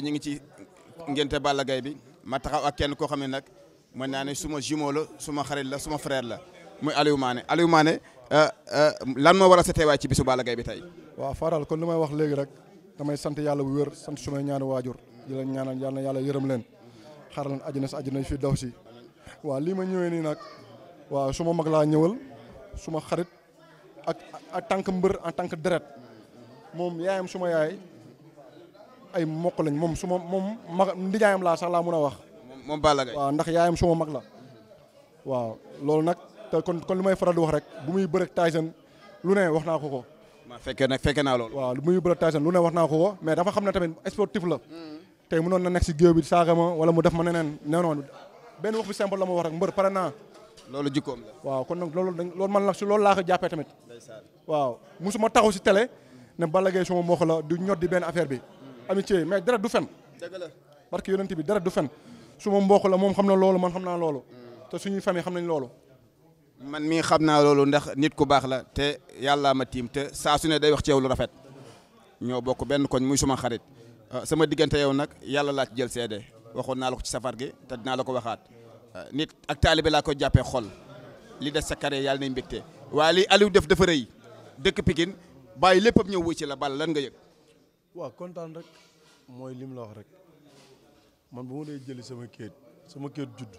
tey ñu ngi ci ngénte Balla Gaye bi ma taxaw ak kenn koo xam ne nag mën naa ne suma jumeau la suma xarit la suma frère la muy Aliou Mané Aliou Mané euh, euh, lan moo war a sa teewaay ci bisu Balla Gaye bi tey. waaw Faral kon li may wax léegi rek damay sant yàlla bu wér sant suma ñaanu waajur di leen ñaanal yal na yàlla yërëm leen xar leen sa si àjjana fi daw si. waaw lii ma ñëwee nii nag waa suma mag la ñëwal suma xarit a en tant que mbër en tant que deret moom yaayam suma yaay. ay mokk lañ moom su ma moom mag ndijaayam laa sax laa mën a wax. moom Balla Gaye waaw ndax yaayam suma mag la. waaw loolu nag te kon kon li may faral di wax rek bu muy bëreeg Tyson lu ne wax naa ko ko. ma fekkee nag fekkee naa loolu. waaw bu muy bëreeg Tyson lu ne wax naa ko ko mais dafa xam ne tamit sportif la. Hmm. tey mënoon na nekk si géew bi saaga ma wala mu def ma neneen nenoon benn wax bi simple la ma wax rek mbër pare naa. loolu jikkoom la. waaw kon nag loolu dañ loolu man la si lool laa ko jàppee tamit. waaw musuma taxaw si télé ne Balla Gaye suma moo ko la du ñot di benn affaire bi. amitié mais deret du fen parce que yonent bi deret du fen su ma mbokk la moom xam na loolu man xam naa loolu te suñuy famille xam nañ loolu man mii xam naa loolu ndax nit ku baax la te yàllaa ma tiim te saa su ne day wax ci yow lu rafet ñoo bokk benn koñ muy suma xarit ah, sama diggante yow nag yàlla laa ci jël seede waxoon naa la ko ci safar gi te naa la ko waxaat ah, nit ak taalibe laa ko jàppee xol li des sa carré yàlla nañ mbégte waaye li Aliou def dafa rëy dëkk bàyyi lépp ab ñëw ci la bal lan nga yëg waaw kontaan rek mooy lim la wax rek man bu mu dee jëli sama kayit sama kayit judd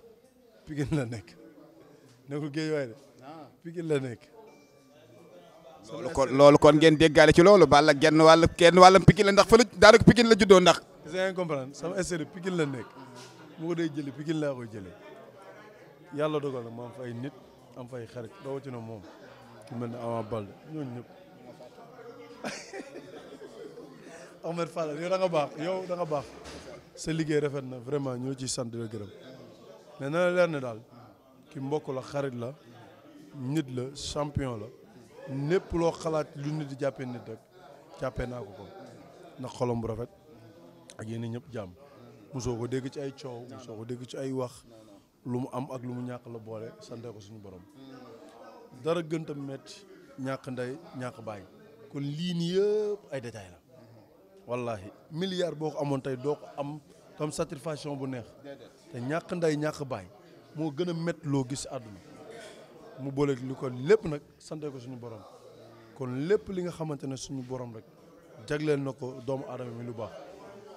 Pikine la nekk nekkul Guédiawaye de Pikine la nekk. loolu kon loolu kon ngeen déggaale ci loolu bala genn wàll kenn wàllam Pikine la ndax fa la daanaka Pikine la juddoo ndax. c' sama essai Pikine la nekk bu ma dee jëli Pikine laa koy jëlee yàlla dogal na ma am fay nit am fay xarit doo ci na moom ki mel ne Ama Baldé ñoo ñëpp. Ahmed Fall yow da baax yow da nga baax sa liggéey rafet na vraiment ñu ci sant di la gërëm mais na leer ne daal ki mbokk la xarit la nit la champion la lépp loo xalaat lu nit di jàppee nit rek jàppee naa ko ko ndax xolom bu rafet ak yéen ñëpp jàmm mosoo ko dégg ci ay coow mosoo ko dégg ci ay wax lu mu am ak lu mu ñàkk la boole sante ko suñu borom dara gënta metti ñàkk ndey ñàkk bàyyi kon lii nii yëpp ay détails la wallahi milliard boo ko amoon tey doo ko am tom satisfaction bu neex te ñàkk nday ñàkk baay moo gën a mett loo gis àdduna mu booleeg li ko lépp nag sante ko suñu borom kon lépp li nga xamante ne suñu borom rek jagleel na ko doomu aadama mi lu baax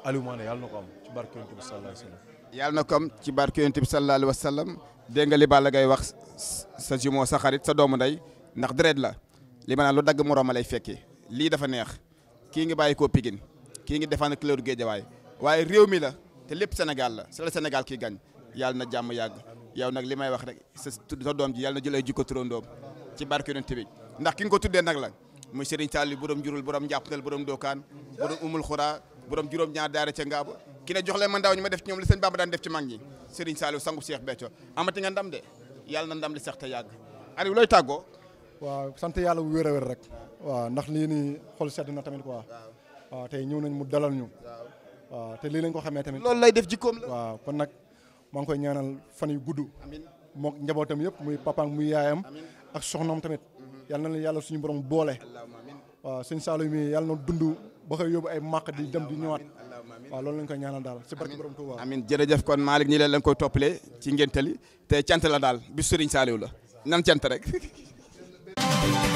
Aliou Mané yàlla na ko am ci barke bi sallallahu alayhi na ko am ci barke yonent bi sallallahu alayhi wa sallam dégg nga li Balla Gaye wax sa jumeau sa xarit sa doomu ndey ndax deret la li ma naan lu dagg moroom lay fekkee lii dafa neex kii ngi bàyyi koo Pikine kii ngi défendre couleur Guédiawaye waaye réew mi la te lépp Sénégal la c'est Sénégal kii gañ yàlla na jàmm yàgg yow nag li may wax rek sa sa doom ji yàlla na jël ay jikko turandoom ci barke yonent ndax ki nga ko tuddee nag la muy Serigne Saliou borom jurul borom njàppandal borom dookaan borom umul xuraa borom juróom ñaar daara ca ngaaba ki ne jox leen ma ndaw ñi ma def ci ñoom li sëñ Bamba daan def ci mag ñi Serigne Saliou sangu Cheikh Béthio amati nga ndam de yàlla na ndam li sax te yàgg Aliou looy tàggoo waaw sant yàlla bu a wér rek waaw ndax lii nii xol sedd na tamit waaw tey ñëw nañ mu dalal ñu. waaw te lii lañ ko xamee tamit. loolu lay def jikkoom la. waaw kon nag maa ngi koy ñaanal fan yu gudd. amiin moog njabootam yëpp muy papaam muy yaayam. ak soxnaam tamit. Mhm. yàlla na yàlla suñu borom boole. waaw suñ Saalum mi yàlla na dund ba koy yóbbu ay màq di dem di ñëwaat. waaw loolu lañ koy ñaanal daal si barke borom Tuuba. amiin jërëjëf kon Malick ñi leen lañ koy toppalee ci ngéntali te cant la daal bi Sëriñ Saaliw la nan cant rek.